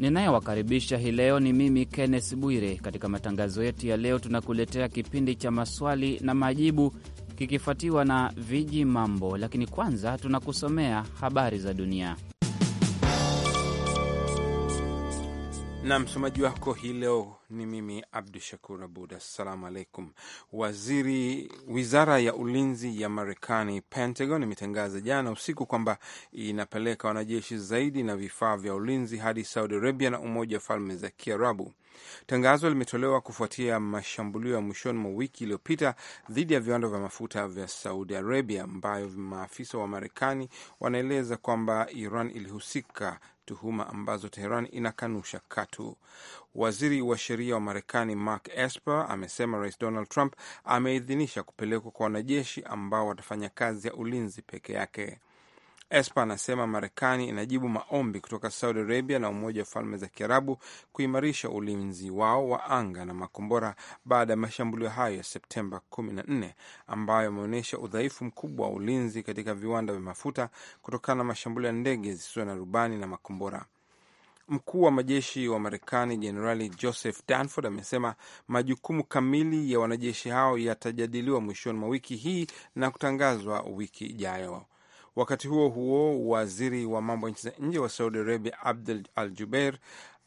Ninayewakaribisha hii leo ni mimi Kenneth Bwire. Katika matangazo yetu ya leo, tunakuletea kipindi cha maswali na majibu kikifuatiwa na viji mambo, lakini kwanza tunakusomea habari za dunia. na msomaji wako hii leo ni mimi Abdu Shakur Abud. Assalamu alaikum. Waziri wizara ya ulinzi ya Marekani, Pentagon, imetangaza jana usiku kwamba inapeleka wanajeshi zaidi na vifaa vya ulinzi hadi Saudi Arabia na Umoja wa Falme za Kiarabu. Tangazo limetolewa kufuatia mashambulio ya mwishoni mwa wiki iliyopita dhidi ya viwanda vya mafuta vya Saudi Arabia, ambayo maafisa wa Marekani wanaeleza kwamba Iran ilihusika tuhuma ambazo Teheran inakanusha katu. Waziri wa sheria wa Marekani Mark Esper amesema Rais Donald Trump ameidhinisha kupelekwa kwa wanajeshi ambao watafanya kazi ya ulinzi peke yake. Esper anasema Marekani inajibu maombi kutoka Saudi Arabia na Umoja wa Falme za Kiarabu kuimarisha ulinzi wao wa anga na makombora baada ya mashambulio hayo ya Septemba 14 ambayo yameonyesha udhaifu mkubwa wa ulinzi katika viwanda vya mafuta kutokana na mashambulio ya ndege zisizo na rubani na makombora. Mkuu wa majeshi wa Marekani Jenerali Joseph Danford amesema majukumu kamili ya wanajeshi hao yatajadiliwa mwishoni mwa wiki hii na kutangazwa wiki ijayo. Wakati huo huo, waziri wa mambo ya nchi za nje wa Saudi Arabia Abdul Al Jubeir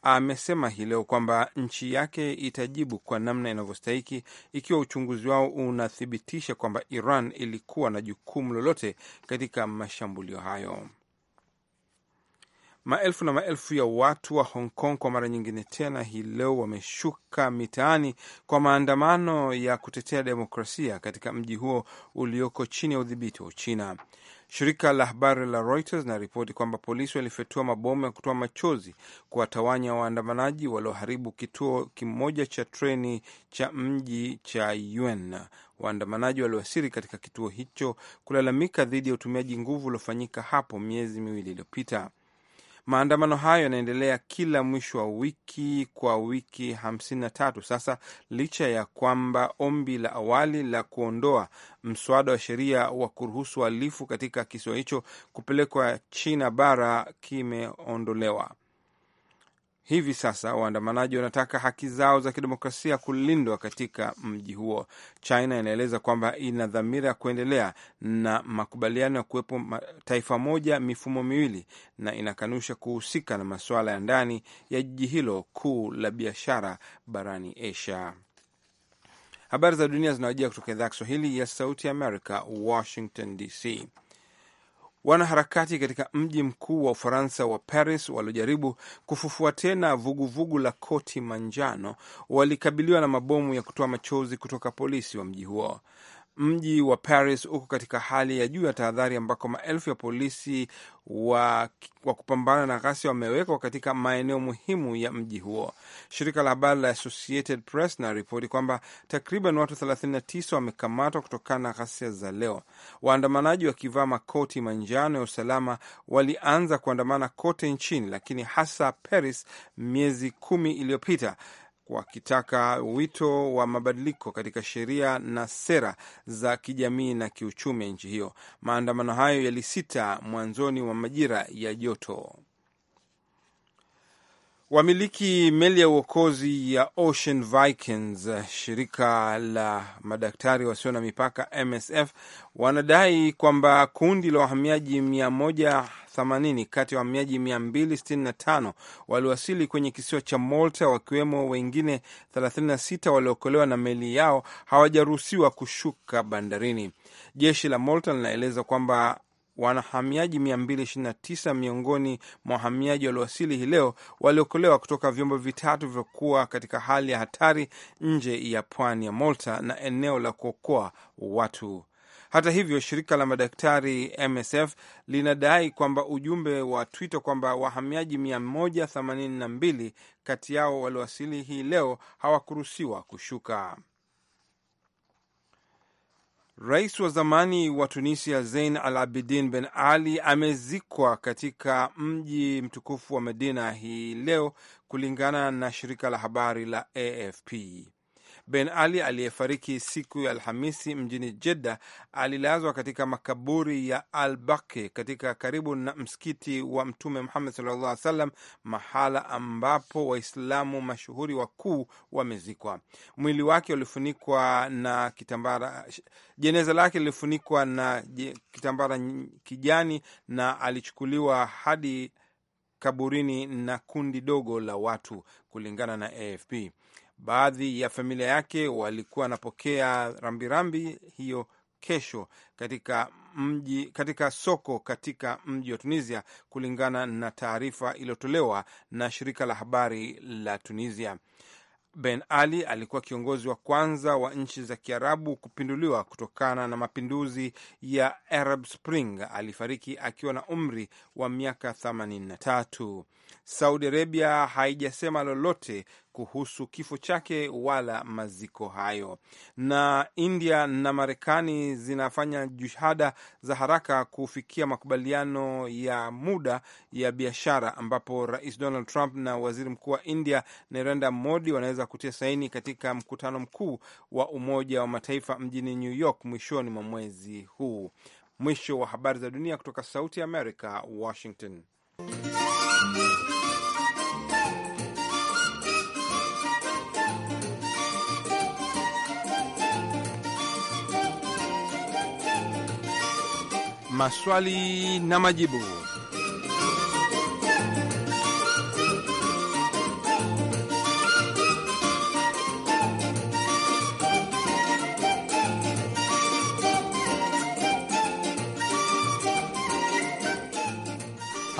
amesema hii leo kwamba nchi yake itajibu kwa namna inavyostahiki ikiwa uchunguzi wao unathibitisha kwamba Iran ilikuwa na jukumu lolote katika mashambulio hayo. Maelfu na maelfu ya watu wa Hong Kong kwa mara nyingine tena hii leo wameshuka mitaani kwa maandamano ya kutetea demokrasia katika mji huo ulioko chini ya udhibiti wa Uchina. Shirika la habari la Reuters linaripoti kwamba polisi walifyatua mabomu ya kutoa machozi kuwatawanya waandamanaji walioharibu kituo kimoja cha treni cha mji cha Yuen. Waandamanaji waliwasiri katika kituo hicho kulalamika dhidi ya utumiaji nguvu uliofanyika hapo miezi miwili iliyopita. Maandamano hayo yanaendelea kila mwisho wa wiki kwa wiki hamsini na tatu sasa, licha ya kwamba ombi la awali la kuondoa mswada wa sheria wa kuruhusu uhalifu katika kisiwa hicho kupelekwa China bara kimeondolewa. Hivi sasa waandamanaji wanataka haki zao za kidemokrasia kulindwa katika mji huo. China inaeleza kwamba ina dhamira ya kuendelea na makubaliano ya kuwepo taifa moja mifumo miwili, na inakanusha kuhusika na masuala ya ndani ya jiji hilo kuu la biashara barani Asia. Habari za dunia zinawajia kutoka idhaa ya Kiswahili ya Sauti ya Amerika, Washington DC. Wanaharakati katika mji mkuu wa Ufaransa wa Paris waliojaribu kufufua tena vuguvugu vugu la koti manjano walikabiliwa na mabomu ya kutoa machozi kutoka polisi wa mji huo. Mji wa Paris uko katika hali ya juu ya tahadhari ambako maelfu ya polisi wa, wa kupambana na ghasia wamewekwa katika maeneo muhimu ya mji huo. Shirika la habari la Associated Press ripoti kwamba takriban watu 39 wamekamatwa kutokana na ghasia za leo. Waandamanaji wakivaa makoti manjano ya usalama walianza kuandamana kote nchini, lakini hasa Paris miezi kumi iliyopita wakitaka wito wa mabadiliko katika sheria na sera za kijamii na kiuchumi ya nchi hiyo. Maandamano hayo yalisita mwanzoni mwa majira ya joto. Wamiliki meli ya uokozi ya Ocean Vikings, shirika la madaktari wasio na mipaka MSF, wanadai kwamba kundi la wahamiaji mia moja 80 kati ya wahamiaji 265 waliwasili kwenye kisiwa cha Malta, wakiwemo wengine 36 waliokolewa na meli yao hawajaruhusiwa kushuka bandarini. Jeshi la Malta linaeleza kwamba wanahamiaji 229 miongoni mwa wahamiaji waliowasili hii leo waliokolewa kutoka vyombo vitatu vivyokuwa katika hali ya hatari nje ya pwani ya Malta na eneo la kuokoa watu. Hata hivyo, shirika la madaktari MSF linadai kwamba ujumbe wa Twitter kwamba wahamiaji 182 kati yao waliowasili hii leo hawakuruhusiwa kushuka. Rais wa zamani wa Tunisia Zein Al Abidin Ben Ali amezikwa katika mji mtukufu wa Medina hii leo kulingana na shirika la habari la AFP. Ben Ali aliyefariki siku ya Alhamisi mjini Jedda alilazwa katika makaburi ya Al Baki katika karibu na msikiti wa Mtume Muhammad sallallahu alaihi wasallam, mahala ambapo Waislamu mashuhuri wakuu wamezikwa. Mwili wake ulifunikwa na kitambara, jeneza lake lilifunikwa na kitambara kijani na alichukuliwa hadi kaburini na kundi dogo la watu, kulingana na AFP. Baadhi ya familia yake walikuwa wanapokea rambirambi hiyo kesho katika mji, katika soko katika mji wa Tunisia, kulingana na taarifa iliyotolewa na shirika la habari la Tunisia. Ben Ali alikuwa kiongozi wa kwanza wa nchi za Kiarabu kupinduliwa kutokana na mapinduzi ya Arab Spring. Alifariki akiwa na umri wa miaka 83. Saudi Arabia haijasema lolote kuhusu kifo chake wala maziko hayo. Na India na Marekani zinafanya juhada za haraka kufikia makubaliano ya muda ya biashara, ambapo Rais Donald Trump na waziri mkuu wa India Narendra Modi wanaweza kutia saini katika mkutano mkuu wa Umoja wa Mataifa mjini New York mwishoni mwa mwezi huu. Mwisho wa habari za dunia kutoka Sauti ya Amerika, Washington. maswali na majibu.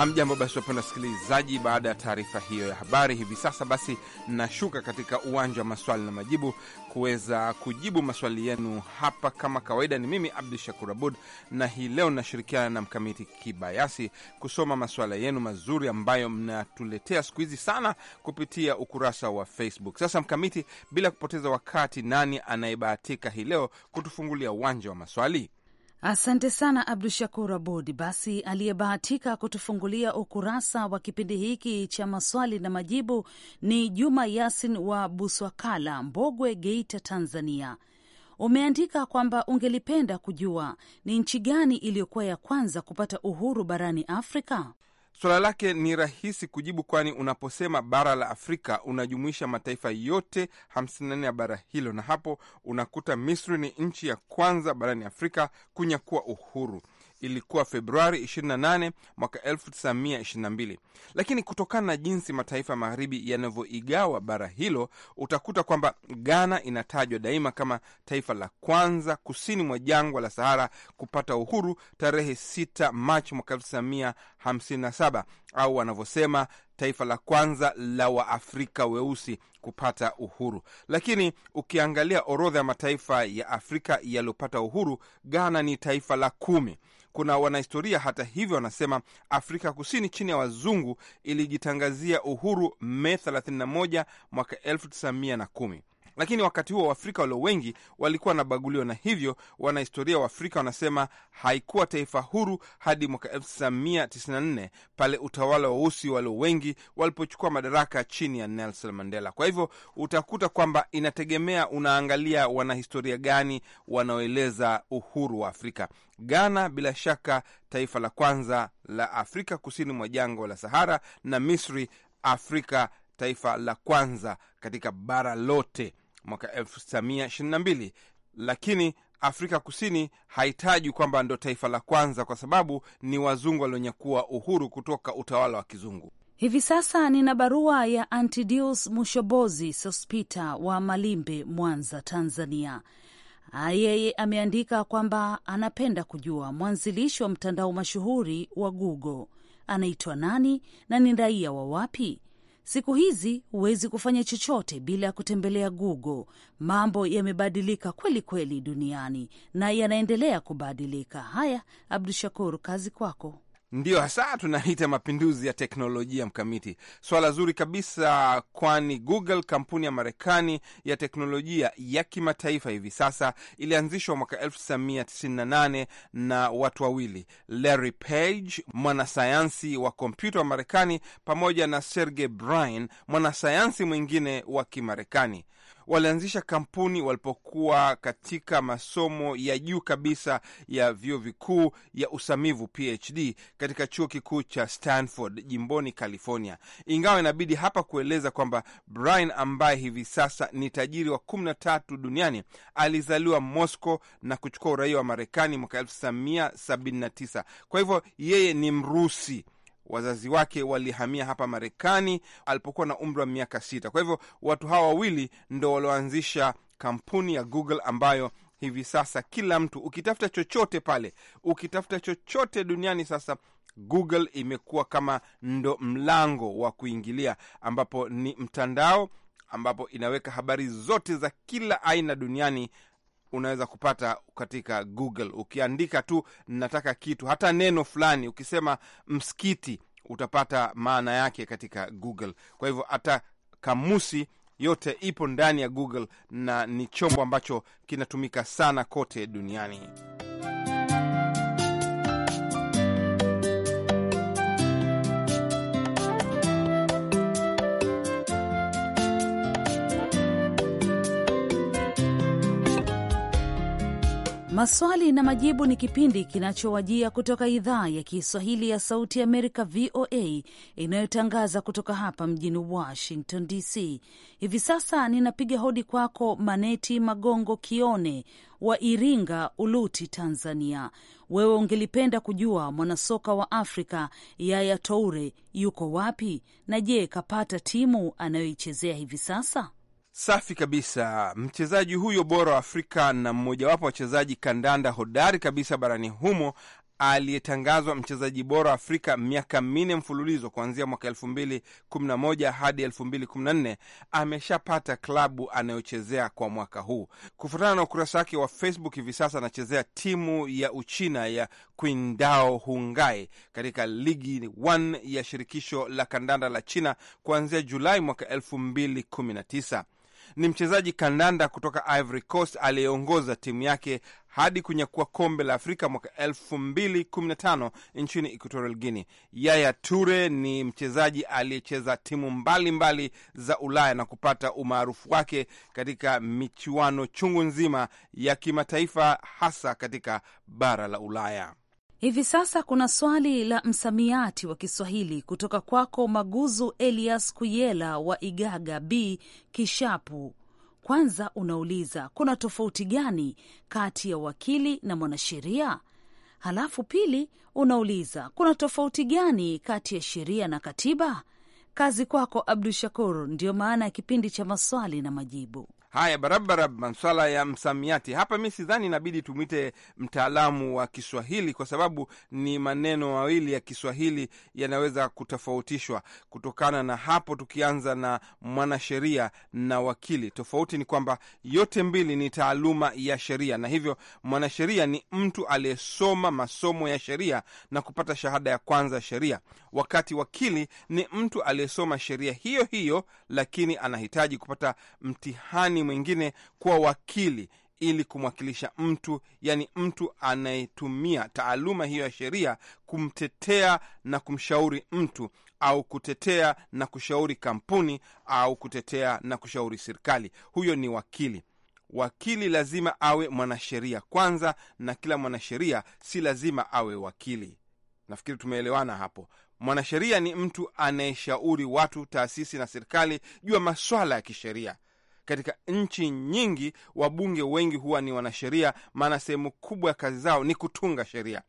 Hamjambo basi wapenda wasikilizaji, baada ya taarifa hiyo ya habari, hivi sasa basi nashuka katika uwanja wa maswali na majibu kuweza kujibu maswali yenu hapa. Kama kawaida, ni mimi Abdu Shakur Abud, na hii leo nashirikiana na Mkamiti Kibayasi kusoma maswala yenu mazuri ambayo mnatuletea siku hizi sana kupitia ukurasa wa Facebook. Sasa Mkamiti, bila kupoteza wakati, nani anayebahatika hii leo kutufungulia uwanja wa maswali? Asante sana Abdu Shakur Abud. Basi, aliyebahatika kutufungulia ukurasa wa kipindi hiki cha maswali na majibu ni Juma Yasin wa Buswakala, Mbogwe, Geita, Tanzania. Umeandika kwamba ungelipenda kujua ni nchi gani iliyokuwa ya kwanza kupata uhuru barani Afrika swala lake ni rahisi kujibu, kwani unaposema bara la Afrika unajumuisha mataifa yote 54 ya bara hilo, na hapo unakuta Misri ni nchi ya kwanza barani Afrika kunyakua uhuru. Ilikuwa Februari 28 mwaka 1922, lakini kutokana na jinsi mataifa magharibi yanavyoigawa bara hilo, utakuta kwamba Ghana inatajwa daima kama taifa la kwanza kusini mwa jangwa la Sahara kupata uhuru tarehe 6 Machi mwaka 57 au wanavyosema taifa la kwanza la Waafrika weusi kupata uhuru. Lakini ukiangalia orodha ya mataifa ya Afrika yaliyopata uhuru, Ghana ni taifa la kumi. Kuna wanahistoria hata hivyo wanasema Afrika Kusini chini ya wazungu ilijitangazia uhuru Mei 31 mwaka 1910. Lakini wakati huo Waafrika walio wengi walikuwa wanabaguliwa, na hivyo wanahistoria wa Afrika wanasema haikuwa taifa huru hadi mwaka 1994 pale utawala weusi walio wengi walipochukua madaraka chini ya Nelson Mandela. Kwa hivyo utakuta kwamba inategemea unaangalia wanahistoria gani wanaoeleza uhuru wa Afrika. Ghana bila shaka taifa la kwanza la Afrika kusini mwa jangwa la Sahara, na Misri Afrika taifa la kwanza katika bara lote mwaka 1922 lakini Afrika Kusini hahitaji kwamba ndo taifa la kwanza, kwa sababu ni wazungu walionyakua uhuru kutoka utawala wa kizungu. Hivi sasa nina barua ya Antidius Mushobozi Sospita wa Malimbe, Mwanza, Tanzania. Yeye ameandika kwamba anapenda kujua mwanzilishi wa mtandao mashuhuri wa Google anaitwa nani na ni raia wa wapi? Siku hizi huwezi kufanya chochote bila ya kutembelea Google. Mambo yamebadilika kweli kweli duniani na yanaendelea kubadilika. Haya, Abdu Shakur, kazi kwako. Ndiyo hasa tunaita mapinduzi ya teknolojia mkamiti. Swala zuri kabisa, kwani Google, kampuni ya Marekani ya teknolojia ya kimataifa, hivi sasa ilianzishwa mwaka 1998 na watu wawili, Larry Page, mwanasayansi wa kompyuta wa Marekani, pamoja na Sergey Brin, mwanasayansi mwingine wa Kimarekani walianzisha kampuni walipokuwa katika masomo ya juu kabisa ya vyuo vikuu ya usamivu PhD katika chuo kikuu cha Stanford jimboni California. Ingawa inabidi hapa kueleza kwamba Brian ambaye hivi sasa ni tajiri wa 13 duniani alizaliwa Moscow na kuchukua uraia wa Marekani mwaka 1979. Kwa hivyo yeye ni Mrusi Wazazi wake walihamia hapa Marekani alipokuwa na umri wa miaka sita. Kwa hivyo watu hawa wawili ndo walioanzisha kampuni ya Google ambayo hivi sasa kila mtu ukitafuta chochote pale, ukitafuta chochote duniani, sasa Google imekuwa kama ndo mlango wa kuingilia, ambapo ni mtandao ambapo inaweka habari zote za kila aina duniani unaweza kupata katika Google. Ukiandika tu nataka kitu hata neno fulani, ukisema msikiti, utapata maana yake katika Google. Kwa hivyo hata kamusi yote ipo ndani ya Google na ni chombo ambacho kinatumika sana kote duniani. Maswali na Majibu ni kipindi kinachowajia kutoka idhaa ya Kiswahili ya Sauti Amerika, VOA, inayotangaza kutoka hapa mjini Washington DC. Hivi sasa ninapiga hodi kwako Maneti Magongo Kione wa Iringa, Uluti, Tanzania. Wewe ungelipenda kujua mwanasoka wa Afrika Yaya Toure yuko wapi, na je, kapata timu anayoichezea hivi sasa? Safi kabisa. Mchezaji huyo bora wa Afrika na mmojawapo wachezaji kandanda hodari kabisa barani humo aliyetangazwa mchezaji bora wa Afrika miaka minne mfululizo kuanzia mwaka elfu mbili kumi na moja hadi elfu mbili kumi na nne ameshapata klabu anayochezea kwa mwaka huu. Kufuatana na ukurasa wake wa Facebook, hivi sasa anachezea timu ya Uchina ya Qingdao Hungai katika ligi 1 ya shirikisho la kandanda la China kuanzia Julai mwaka elfu mbili kumi na tisa ni mchezaji kandanda kutoka Ivory Coast aliyeongoza timu yake hadi kunyakua kombe la Afrika mwaka 2015 nchini Equatorial Guinea. Yaya Ture ni mchezaji aliyecheza timu mbalimbali mbali za Ulaya na kupata umaarufu wake katika michuano chungu nzima ya kimataifa hasa katika bara la Ulaya. Hivi sasa kuna swali la msamiati wa Kiswahili kutoka kwako Maguzu Elias Kuyela wa Igaga B Kishapu. Kwanza unauliza kuna tofauti gani kati ya wakili na mwanasheria? Halafu pili unauliza kuna tofauti gani kati ya sheria na katiba? Kazi kwako Abdu Shakur. Ndiyo maana ya kipindi cha maswali na majibu. Haya, barabara, maswala ya msamiati hapa, mi sidhani inabidi tumwite mtaalamu wa Kiswahili kwa sababu ni maneno mawili ya Kiswahili yanaweza kutofautishwa kutokana na hapo. Tukianza na mwanasheria na wakili, tofauti ni kwamba yote mbili ni taaluma ya sheria, na hivyo mwanasheria ni mtu aliyesoma masomo ya sheria na kupata shahada ya kwanza ya sheria, wakati wakili ni mtu aliyesoma sheria hiyo hiyo, lakini anahitaji kupata mtihani mwingine kuwa wakili ili kumwakilisha mtu, yani mtu anayetumia taaluma hiyo ya sheria kumtetea na kumshauri mtu au kutetea na kushauri kampuni au kutetea na kushauri serikali. Huyo ni wakili. Wakili lazima awe mwanasheria kwanza, na kila mwanasheria si lazima awe wakili. Nafikiri tumeelewana hapo. Mwanasheria ni mtu anayeshauri watu, taasisi na serikali juu ya maswala ya kisheria katika nchi nyingi wabunge wengi huwa ni wanasheria, maana sehemu kubwa ya kazi zao ni kutunga sheria.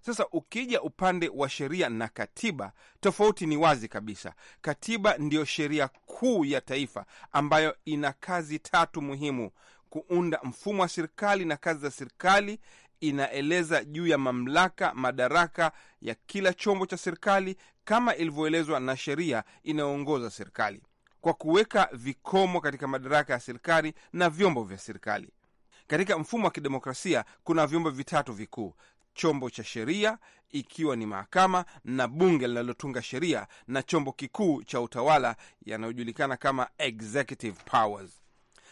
Sasa ukija upande wa sheria na katiba, tofauti ni wazi kabisa. Katiba ndiyo sheria kuu ya taifa ambayo ina kazi tatu muhimu: kuunda mfumo wa serikali na kazi za serikali, inaeleza juu ya mamlaka, madaraka ya kila chombo cha serikali kama ilivyoelezwa na sheria inayoongoza serikali kwa kuweka vikomo katika madaraka ya serikali na vyombo vya serikali. Katika mfumo wa kidemokrasia kuna vyombo vitatu vikuu: chombo cha sheria, ikiwa ni mahakama na bunge linalotunga sheria, na chombo kikuu cha utawala yanayojulikana kama executive powers.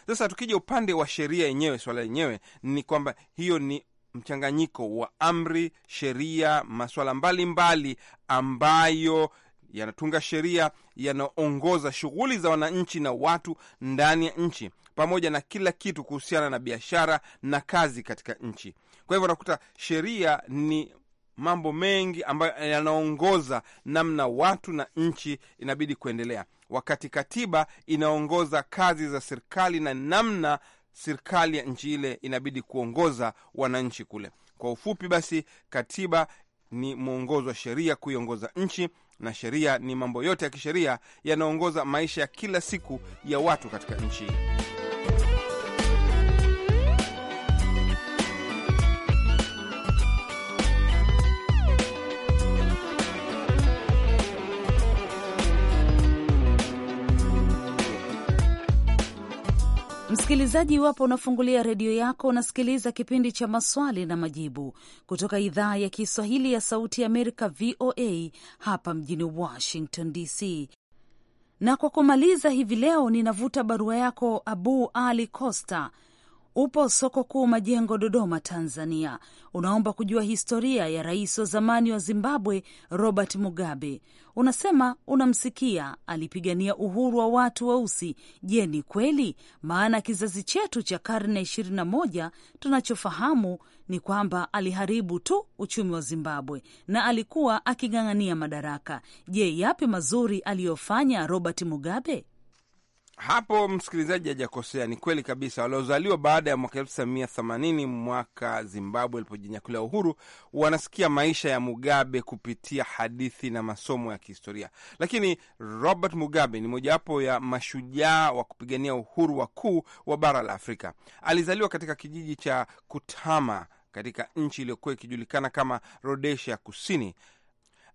Sasa tukija upande wa sheria yenyewe, swala lenyewe ni kwamba hiyo ni mchanganyiko wa amri, sheria, maswala mbalimbali mbali ambayo yanatunga sheria yanaongoza shughuli za wananchi na watu ndani ya nchi, pamoja na kila kitu kuhusiana na biashara na kazi katika nchi. Kwa hivyo unakuta sheria ni mambo mengi ambayo yanaongoza namna watu na nchi inabidi kuendelea, wakati katiba inaongoza kazi za serikali na namna serikali ya nchi ile inabidi kuongoza wananchi kule. Kwa ufupi basi, katiba ni mwongozo wa sheria kuiongoza nchi na sheria ni mambo yote ya kisheria yanaongoza maisha ya kila siku ya watu katika nchi. Msikilizaji, iwapo unafungulia redio yako, unasikiliza kipindi cha maswali na majibu kutoka idhaa ya Kiswahili ya Sauti ya Amerika, VOA, hapa mjini Washington DC. Na kwa kumaliza hivi leo, ninavuta barua yako Abu Ali Costa upo soko kuu Majengo, Dodoma, Tanzania. Unaomba kujua historia ya rais wa zamani wa Zimbabwe Robert Mugabe. Unasema unamsikia alipigania uhuru wa watu weusi. Je, ni kweli? Maana kizazi chetu cha karne 21 tunachofahamu ni kwamba aliharibu tu uchumi wa Zimbabwe na alikuwa aking'ang'ania madaraka. Je, yapi mazuri aliyofanya Robert Mugabe? Hapo msikilizaji hajakosea, ni kweli kabisa. Waliozaliwa baada ya mwaka 1980 mwaka Zimbabwe ilipojinyakulia uhuru, wanasikia maisha ya Mugabe kupitia hadithi na masomo ya kihistoria. Lakini Robert Mugabe ni mojawapo ya mashujaa wa kupigania uhuru wakuu wa bara la Afrika. Alizaliwa katika kijiji cha Kutama katika nchi iliyokuwa ikijulikana kama Rhodesia Kusini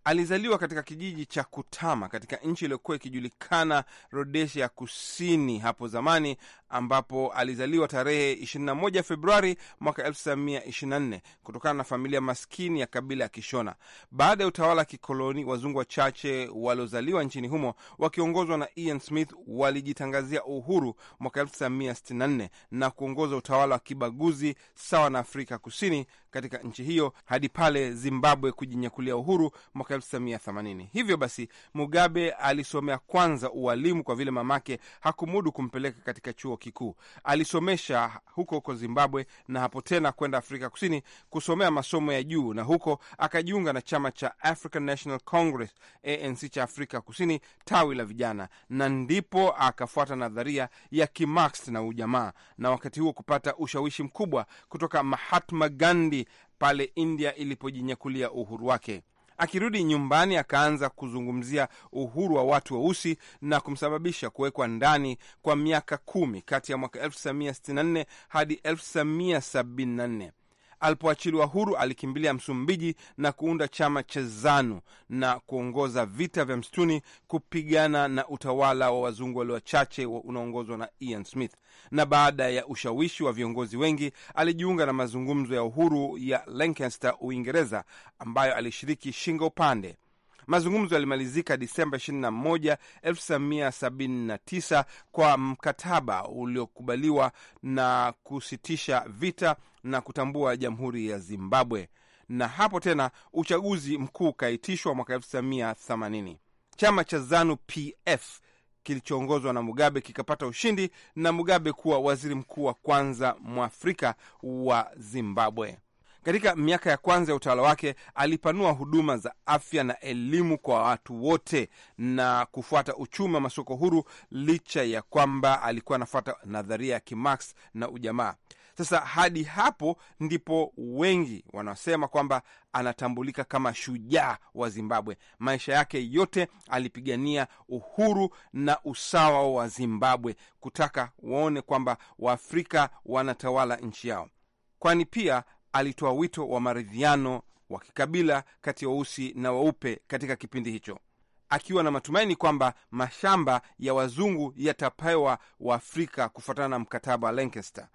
Alizaliwa katika kijiji cha Kutama katika nchi iliyokuwa ikijulikana Rhodesia Kusini hapo zamani, ambapo alizaliwa tarehe 21 Februari mwaka 1924 kutokana na familia maskini ya kabila ya Kishona. Baada ya utawala wa kikoloni, wazungu wachache waliozaliwa nchini humo wakiongozwa na Ian Smith walijitangazia uhuru mwaka 1964 na kuongoza utawala wa kibaguzi sawa na Afrika Kusini katika nchi hiyo hadi pale Zimbabwe kujinyakulia uhuru mwaka 1980. Hivyo basi, Mugabe alisomea kwanza ualimu kwa vile mamake hakumudu kumpeleka katika chuo kikuu. Alisomesha huko huko Zimbabwe na hapo tena kwenda Afrika Kusini kusomea masomo ya juu, na huko akajiunga na chama cha African National Congress ANC cha Afrika Kusini, tawi la vijana, na ndipo akafuata nadharia ya kimax na ujamaa, na wakati huo kupata ushawishi mkubwa kutoka Mahatma Gandhi pale India ilipojinyakulia uhuru wake. Akirudi nyumbani, akaanza kuzungumzia uhuru wa watu weusi wa na kumsababisha kuwekwa ndani kwa miaka kumi kati ya mwaka 1964 hadi 1974. Alipoachiliwa huru, alikimbilia Msumbiji na kuunda chama cha ZANU na kuongoza vita vya msituni kupigana na utawala wa wazungu walio wachache unaoongozwa na Ian Smith. Na baada ya ushawishi wa viongozi wengi, alijiunga na mazungumzo ya uhuru ya Lancaster, Uingereza, ambayo alishiriki shingo upande. Mazungumzo yalimalizika Disemba 21, 1979 kwa mkataba uliokubaliwa na kusitisha vita na kutambua jamhuri ya Zimbabwe, na hapo tena uchaguzi mkuu ukaitishwa mwaka 1980. Chama cha ZANU PF kilichoongozwa na Mugabe kikapata ushindi na Mugabe kuwa waziri mkuu wa kwanza mwafrika wa Zimbabwe. Katika miaka ya kwanza ya utawala wake alipanua huduma za afya na elimu kwa watu wote na kufuata uchumi wa masoko huru, licha ya kwamba alikuwa anafuata nadharia ya kimax na ujamaa. Sasa hadi hapo ndipo wengi wanasema kwamba anatambulika kama shujaa wa Zimbabwe. Maisha yake yote alipigania uhuru na usawa wa Zimbabwe, kutaka waone kwamba Waafrika wanatawala nchi yao, kwani pia alitoa wito wa maridhiano wa kikabila kati ya weusi na weupe katika kipindi hicho, akiwa na matumaini kwamba mashamba ya wazungu yatapewa Waafrika kufuatana na mkataba wa Lancaster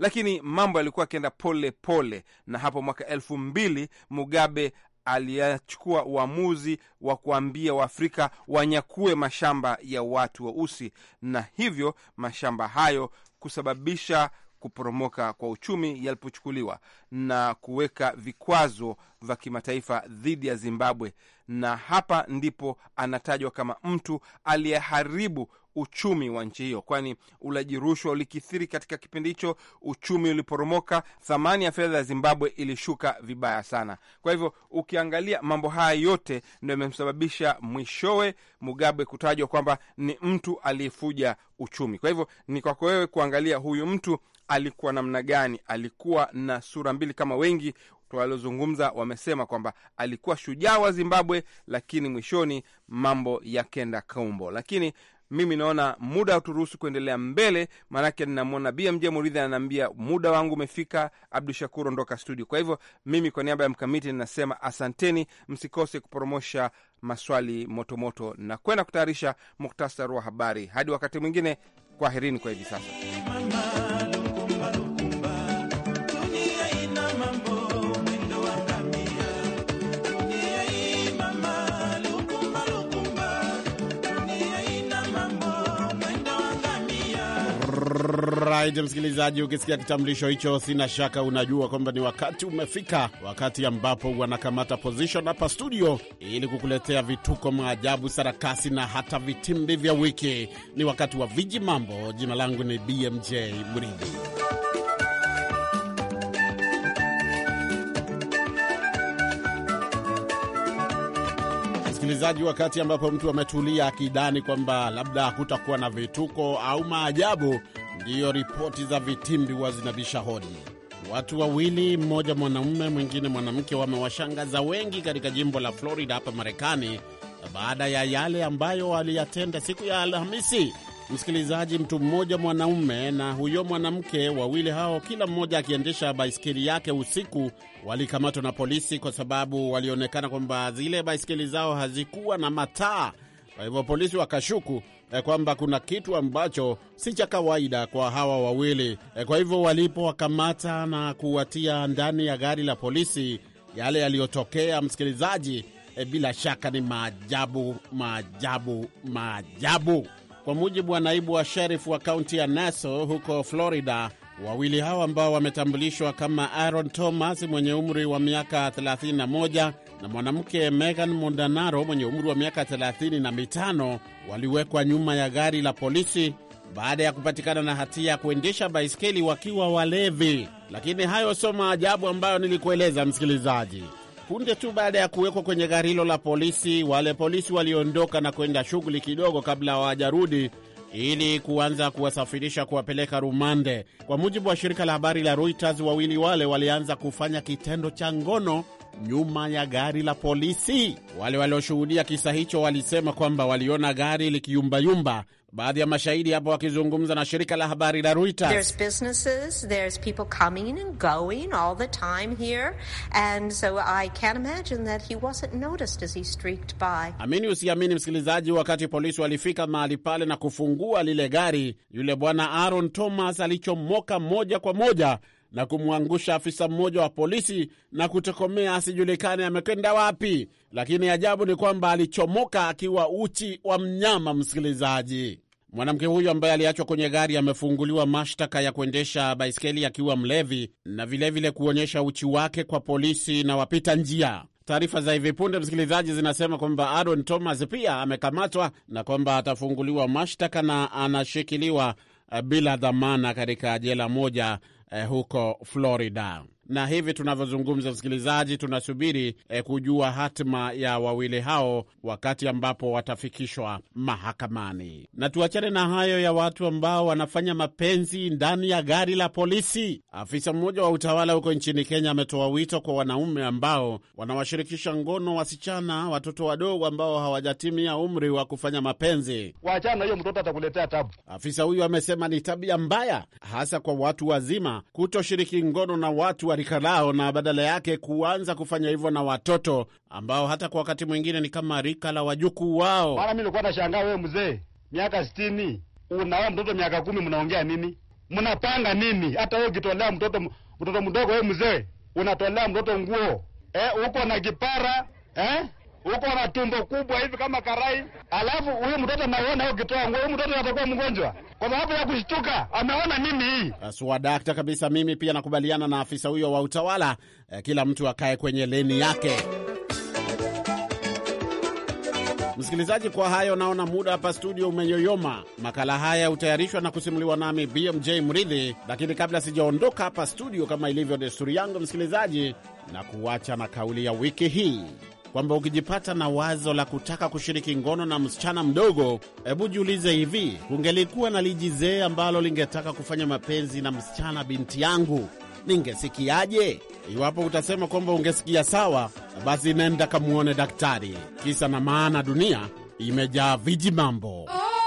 lakini mambo yalikuwa akienda pole pole, na hapo mwaka elfu mbili Mugabe aliyachukua uamuzi wa kuambia Waafrika wanyakue mashamba ya watu weusi wa na hivyo mashamba hayo kusababisha kuporomoka kwa uchumi yalipochukuliwa na kuweka vikwazo vya kimataifa dhidi ya Zimbabwe, na hapa ndipo anatajwa kama mtu aliyeharibu uchumi wa nchi hiyo, kwani ulaji rushwa ulikithiri katika kipindi hicho. Uchumi uliporomoka, thamani ya fedha ya Zimbabwe ilishuka vibaya sana. Kwa hivyo ukiangalia mambo haya yote ndo yamemsababisha mwishowe Mugabe kutajwa kwamba ni mtu aliyefuja uchumi. Kwa hivyo ni kwako wewe kuangalia huyu mtu alikuwa namna gani? Alikuwa na sura mbili kama wengi waliozungumza wamesema kwamba alikuwa shujaa wa Zimbabwe, lakini mwishoni mambo yakenda kaumbo. Lakini mimi naona muda turuhusu kuendelea mbele, maanake namwona BMJ Muridhi ananiambia muda wangu umefika. Abdu Shakur, ondoka studio. Kwa hivyo mimi kwa niaba ya Mkamiti ninasema asanteni, msikose kupromosha maswali motomoto na kwenda kutayarisha muktasari wa habari. Hadi wakati mwingine, kwaherini kwa hivi sasa. right, msikilizaji, ukisikia kitambulisho hicho, sina shaka unajua kwamba ni wakati umefika, wakati ambapo wanakamata position hapa studio ili kukuletea vituko, maajabu, sarakasi na hata vitimbi vya wiki. Ni wakati wa viji mambo. Jina langu ni BMJ Mridhi. Msikilizaji, wakati ambapo mtu ametulia akidhani kwamba labda hakutakuwa na vituko au maajabu ndiyo ripoti za vitimbi zinabisha hodi. Watu wawili, mmoja mwanaume mwingine mwanamke, wamewashangaza wengi katika jimbo la Florida hapa Marekani baada ya yale ambayo waliyatenda siku ya Alhamisi. Msikilizaji, mtu mmoja mwanaume na huyo mwanamke, wawili hao, kila mmoja akiendesha baiskeli yake usiku, walikamatwa na polisi kwa sababu walionekana kwamba zile baiskeli zao hazikuwa na mataa. Kwa hivyo polisi wakashuku kwamba kuna kitu ambacho si cha kawaida kwa hawa wawili. E, kwa hivyo walipowakamata na kuwatia ndani ya gari la polisi, yale yaliyotokea, msikilizaji, e, bila shaka ni maajabu, maajabu, maajabu. Kwa mujibu wa naibu wa sherifu wa kaunti ya Nassau huko Florida, wawili hao ambao wametambulishwa kama Aaron Thomas mwenye umri wa miaka 31 na mwanamke Megan Mondanaro mwenye umri wa miaka 35 waliwekwa nyuma ya gari la polisi baada ya kupatikana na hatia ya kuendesha baiskeli wakiwa walevi. Lakini hayo sio maajabu ambayo nilikueleza msikilizaji. Punde tu baada ya kuwekwa kwenye gari hilo la polisi, wale polisi waliondoka na kwenda shughuli kidogo kabla hawajarudi ili kuanza kuwasafirisha kuwapeleka rumande. Kwa mujibu wa shirika la habari la Reuters, wawili wale walianza kufanya kitendo cha ngono nyuma ya gari la polisi. Wale walioshuhudia kisa hicho walisema kwamba waliona gari likiyumbayumba. Baadhi ya mashahidi hapo wakizungumza na shirika la habari la Reuters, amini usiamini, msikilizaji, wakati polisi walifika mahali pale na kufungua lile gari, yule bwana Aaron Thomas alichomoka moja kwa moja na kumwangusha afisa mmoja wa polisi na kutokomea asijulikane amekwenda wapi. Lakini ajabu ni kwamba alichomoka akiwa uchi wa mnyama. Msikilizaji, mwanamke huyo ambaye aliachwa kwenye gari amefunguliwa mashtaka ya kuendesha baiskeli akiwa mlevi na vilevile vile kuonyesha uchi wake kwa polisi na wapita njia. Taarifa za hivi punde, msikilizaji, zinasema kwamba Aaron Thomas pia amekamatwa na kwamba atafunguliwa mashtaka na anashikiliwa bila dhamana katika jela moja eh, huko Florida. na hivi tunavyozungumza, msikilizaji, tunasubiri eh, kujua hatima ya wawili hao wakati ambapo watafikishwa mahakamani. Na tuachane na hayo ya watu ambao wanafanya mapenzi ndani ya gari la polisi. Afisa mmoja wa utawala huko nchini Kenya ametoa wito kwa wanaume ambao wanawashirikisha ngono wasichana, watoto wadogo ambao hawajatimia umri wa kufanya mapenzi. Wachana hiyo, mtoto atakuletea tabu. Afisa huyu amesema ni tabia mbaya, hasa kwa watu wazima kutoshiriki ngono na watu wa rika lao na badala yake kuanza kufanya hivyo na watoto ambao hata kwa wakati mwingine ni kama rika la wajukuu wao. Mara mi nilikuwa nashangaa, wewe mzee miaka sitini unawa mtoto miaka kumi, mnaongea nini? Mnapanga nini? Hata wewe ukitolea mtoto mtoto mdogo, wewe mzee unatolea mtoto nguo eh, uko na kipara eh? huko na tumbo kubwa hivi kama karai, alafu huyu mtoto anaiona ukitoa nguo, huyu mtoto atakuwa mgonjwa kwa sababu ya kushtuka, ameona mimi hii suadakta kabisa. Mimi pia nakubaliana na afisa huyo wa utawala, eh, kila mtu akae kwenye leni yake. Msikilizaji, kwa hayo naona muda hapa studio umenyoyoma. Makala haya hutayarishwa na kusimuliwa nami BMJ Mridhi, lakini kabla sijaondoka hapa studio, kama ilivyo desturi yangu, msikilizaji, na kuacha na kauli ya wiki hii kwamba ukijipata na wazo la kutaka kushiriki ngono na msichana mdogo, hebu jiulize hivi, kungelikuwa na lijizee ambalo lingetaka kufanya mapenzi na msichana binti yangu, ningesikiaje? Iwapo utasema kwamba ungesikia sawa, basi nenda kamuone daktari. Kisa na maana, dunia imejaa viji mambo. Oh!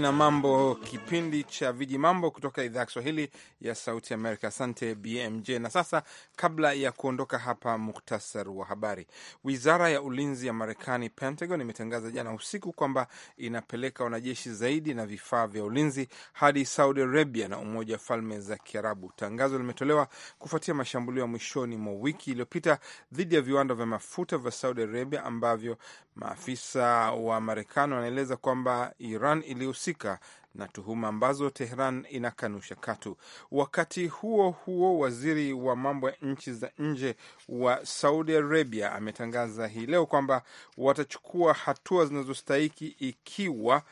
na Mambo, kipindi cha Viji Mambo kutoka idhaa ya Kiswahili ya Sauti Amerika. Asante BMJ. Na sasa, kabla ya kuondoka hapa, muktasar wa habari. Wizara ya ulinzi ya Marekani, Pentagon, imetangaza jana usiku kwamba inapeleka wanajeshi zaidi na vifaa vya ulinzi hadi Saudi Arabia na Umoja wa Falme za Kiarabu. Tangazo limetolewa kufuatia mashambulio ya mwishoni mwa wiki iliyopita dhidi ya viwanda vya mafuta vya Saudi Arabia ambavyo maafisa wa Marekani wanaeleza kwamba Iran ilihusi kuhusika na tuhuma ambazo Tehran inakanusha katu. Wakati huo huo, waziri wa mambo ya nchi za nje wa Saudi Arabia ametangaza hii leo kwamba watachukua hatua zinazostahiki ikiwa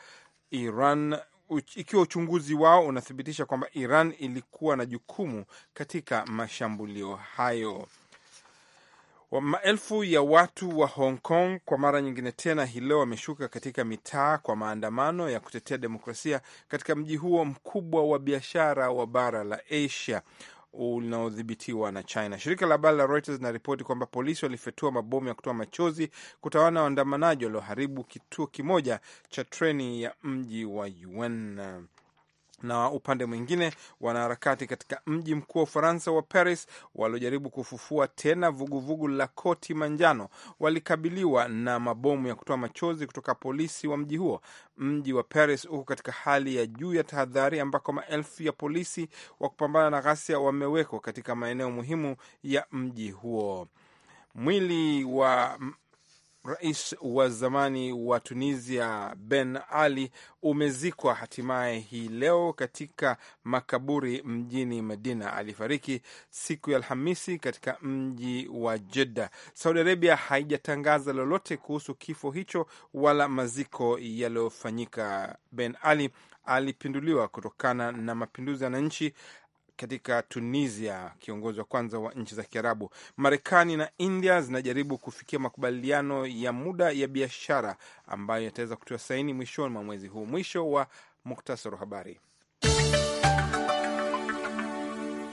Iran ikiwa uchunguzi wao unathibitisha kwamba Iran ilikuwa na jukumu katika mashambulio hayo. Maelfu ya watu wa Hong Kong kwa mara nyingine tena hii leo wameshuka katika mitaa kwa maandamano ya kutetea demokrasia katika mji huo mkubwa wa biashara wa bara la Asia unaodhibitiwa na China. Shirika la habari la Reuters linaripoti kwamba polisi walifyatua mabomu ya kutoa machozi kutawana waandamanaji walioharibu kituo kimoja cha treni ya mji wa un na upande mwingine wanaharakati katika mji mkuu wa Ufaransa wa Paris waliojaribu kufufua tena vuguvugu la koti manjano walikabiliwa na mabomu ya kutoa machozi kutoka polisi wa mji huo. Mji wa Paris huko katika hali ya juu ya tahadhari, ambako maelfu ya polisi wa kupambana na ghasia wamewekwa katika maeneo muhimu ya mji huo. Mwili wa rais wa zamani wa Tunisia Ben Ali umezikwa hatimaye hii leo katika makaburi mjini Madina. Alifariki siku ya Alhamisi katika mji wa Jeddah. Saudi Arabia haijatangaza lolote kuhusu kifo hicho wala maziko yaliyofanyika. Ben Ali alipinduliwa kutokana na mapinduzi ya wananchi katika Tunisia, kiongozi wa kwanza wa nchi za Kiarabu. Marekani na India zinajaribu kufikia makubaliano ya muda ya biashara ambayo yataweza kutiwa saini mwishoni mwa mwezi huu. Mwisho wa muktasari wa habari.